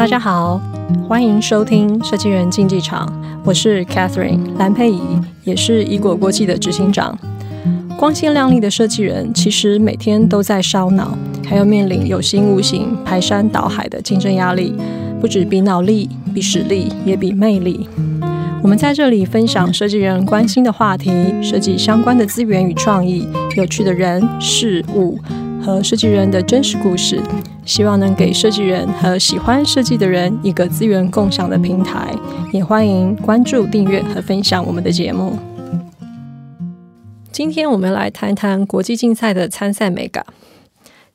大家好，歡迎收聽設計人競技場。我是 Catherine 蘭姵儀，也是儀菓國際的執行長。光鮮亮麗的設計人，其實每天都在燒腦，還要面臨有形無形、排山倒海的競爭壓力，不止比腦力、比實力，也比魅力。我們在這裡分享設計人關心的話題，設計相關的資源與創意，有趣的人事物。和設計人的真實故事，希望能給設計人和喜歡設計的人一個資源共享的平台。也歡迎關注、訂閱和分享我們的節目。今天我們來談一談國際競賽的參賽眉角。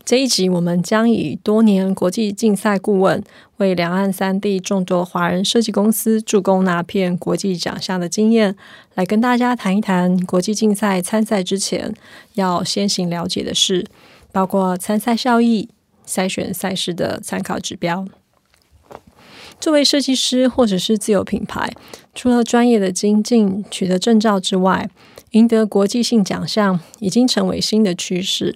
這一集，我們將以多年國際競賽顧問，為兩岸三地眾多華人設計公司助攻拿遍國際獎項的經驗，來跟大家談一談國際競賽參賽之前要先行了解的事。包括參賽效益、篩選賽事的參考指標。作為設計師或者是自有品牌，除了專業的精進、取得證照之外，贏得國際性獎項已經成為新的趨勢。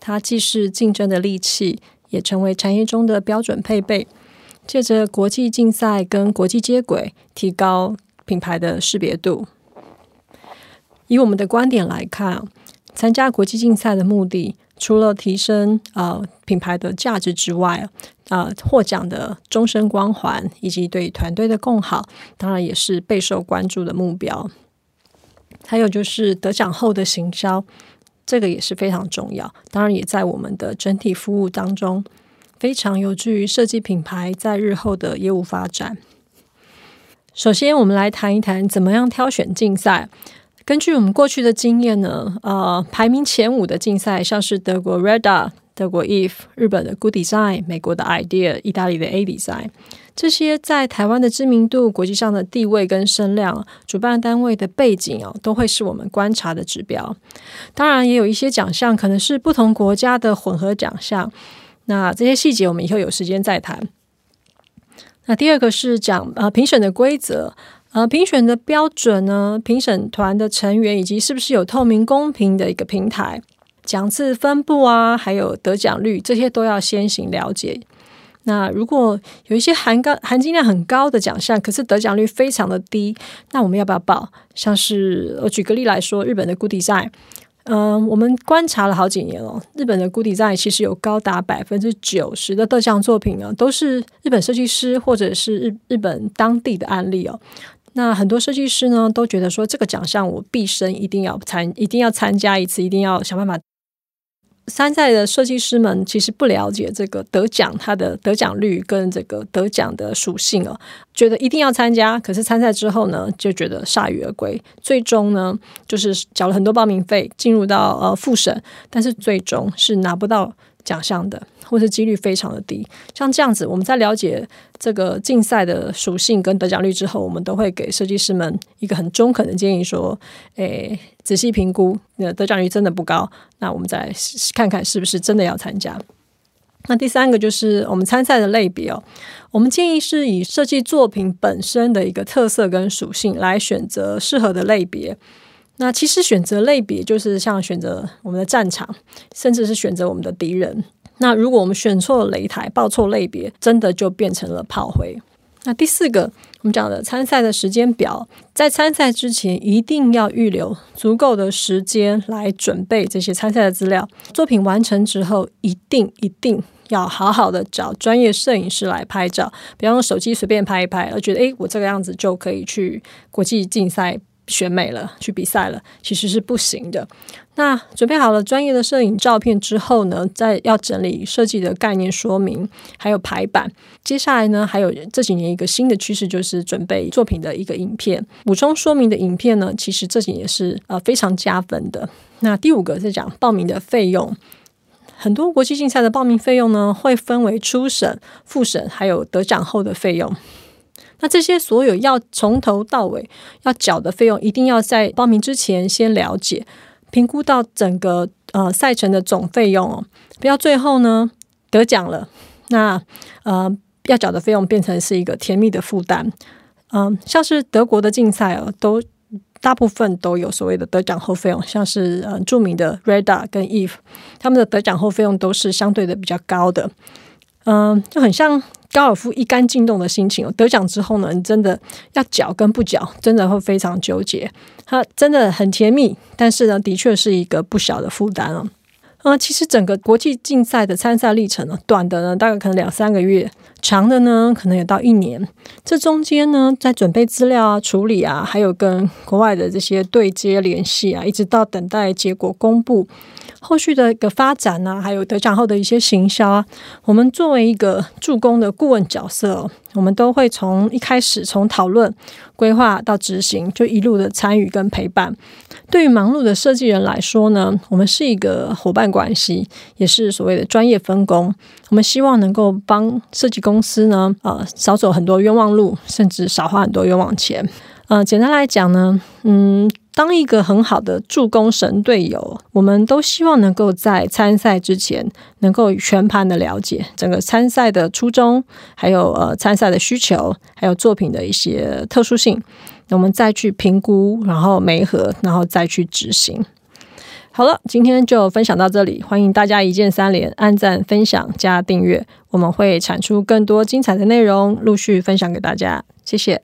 它既是競爭的利器，也成為產業中的標準配備。借着國際競賽跟國際接軌，提高品牌的識別度。以我們的觀點來看，參加國際競賽的目的。除了提升呃品牌的價值之外，啊、呃，獲獎的終身光環以及對團隊的共好，當然也是備受關注的目標。還有就是得獎後的行銷，這個也是非常重要，當然也在我們的整體服務當中非常有助於設計品牌在日後的業務發展。首先，我們來談一談怎麼樣挑選競賽。根據我們過去的經驗呢，呃，排名前五的競賽像是德國 Reda、德國 iF、日本的 Good Design、美國的 Idea、意大利的 A Design，這些在台灣的知名度、國際上的地位跟聲量、主辦單位的背景哦，都會是我們觀察的指標。當然，也有一些獎項可能是不同國家的混合獎項，那這些細節我們以後有時間再談。那第二個是講呃評審的規則。呃，評選的標準呢？評審團的成員以及是不是有透明、公平的一個平台？獎次分布啊，還有得獎率這些都要先行了解。那如果有一些含高、含金量很高的獎項，可是得獎率非常的低，那我們要不要報？像是我舉個例來說，日本的 Good Design。嗯，我們觀察了好幾年哦，日本的 Good Design 其實有高達百分之九十的得獎作品呢，都是日本設計師或者是日日本當地的案例哦。那很多設計師呢都覺得說，這個獎項我畢生一定要參，一定要參加一次，一定要想辦法。參賽的設計師們其實不了解這個得獎它的得獎率跟這個得獎的屬性啊，覺得一定要參加。可是參賽之後呢，就覺得鎩羽而歸，最終呢就是繳了很多報名費進入到呃複審，但是最終是拿不到。獎項的，或是幾率非常的低，像這樣子，我們在了解這個競賽的屬性跟得獎率之後，我們都會給設計師們一個很中肯的建議，說：誒、欸，仔細評估，那得獎率真的不高，那我們再試試看看是不是真的要參加。那第三個就是我們參賽的類別哦，我們建議是以設計作品本身的一個特色跟屬性來選擇適合的類別。那其實選擇類別就是像選擇我們的戰場，甚至是選擇我們的敵人。那如果我們選錯擂台、報錯類別，真的就變成了炮灰。那第四個，我們講的參賽的時間表，在參賽之前一定要預留足夠的時間來準備這些參賽的資料。作品完成之後，一定一定要好好的找專業攝影師來拍照，不要用手機隨便拍一拍，而覺得哎，我這個樣子就可以去國際競賽。選美了，去比賽了，其實是不行的。那準備好了專業的攝影照片之後呢，再要整理設計的概念說明，還有排版。接下來呢，還有這幾年一個新的趨勢，就是準備作品的一個影片，補充說明的影片呢，其實這幾年也是呃非常加分的。那第五個是講報名的費用，很多國際競賽的報名費用呢，會分為初審、複審，還有得獎後的費用。那這些所有要從頭到尾要繳的費用，一定要在報名之前先了解、評估到整個呃賽程的總費用哦。不要最後呢得獎了，那呃要繳的費用變成是一個甜蜜的負擔。嗯、呃，像是德國的競賽哦，都大部分都有所謂的得獎後費用，像是、呃、著名的 Red Dot 跟 iF，他們的得獎後費用都是相對的比較高的。嗯，就很像高爾夫一桿進洞的心情哦，得獎之後呢，你真的要繳跟不繳，真的會非常糾結。它真的很甜蜜，但是呢，的確是一個不小的負擔。啊、呃，其實整個國際競賽的參賽歷程呢、啊，短的呢大概可能兩三個月，長的呢可能有到一年。這中間呢，在準備資料啊、處理啊，還有跟國外的這些對接聯繫啊，一直到等待結果公布、後續的一個發展啊，還有得獎後的一些行銷啊，我們作為一個助攻的顧問角色、哦。我們都會從一開始從討論、規劃到執行，就一路的參與跟陪伴。對於忙碌的設計人來說呢，我們是一個夥伴關係，也是所謂的專業分工。我們希望能夠幫設計公司呢，呃，少走很多冤枉路，甚至少花很多冤枉錢。呃，簡單來講呢，嗯，當一個很好的助攻神隊友，我們都希望能夠在參賽之前，能夠全盤的了解整個參賽的初衷，還有呃參賽的需求，還有作品的一些特殊性，我們再去評估，然後媒合，然後再去執行。好了，今天就分享到這裡，歡迎大家一鍵三連，按讚、分享、加訂閱，我們會產出更多精彩的內容，陸續分享給大家，謝謝。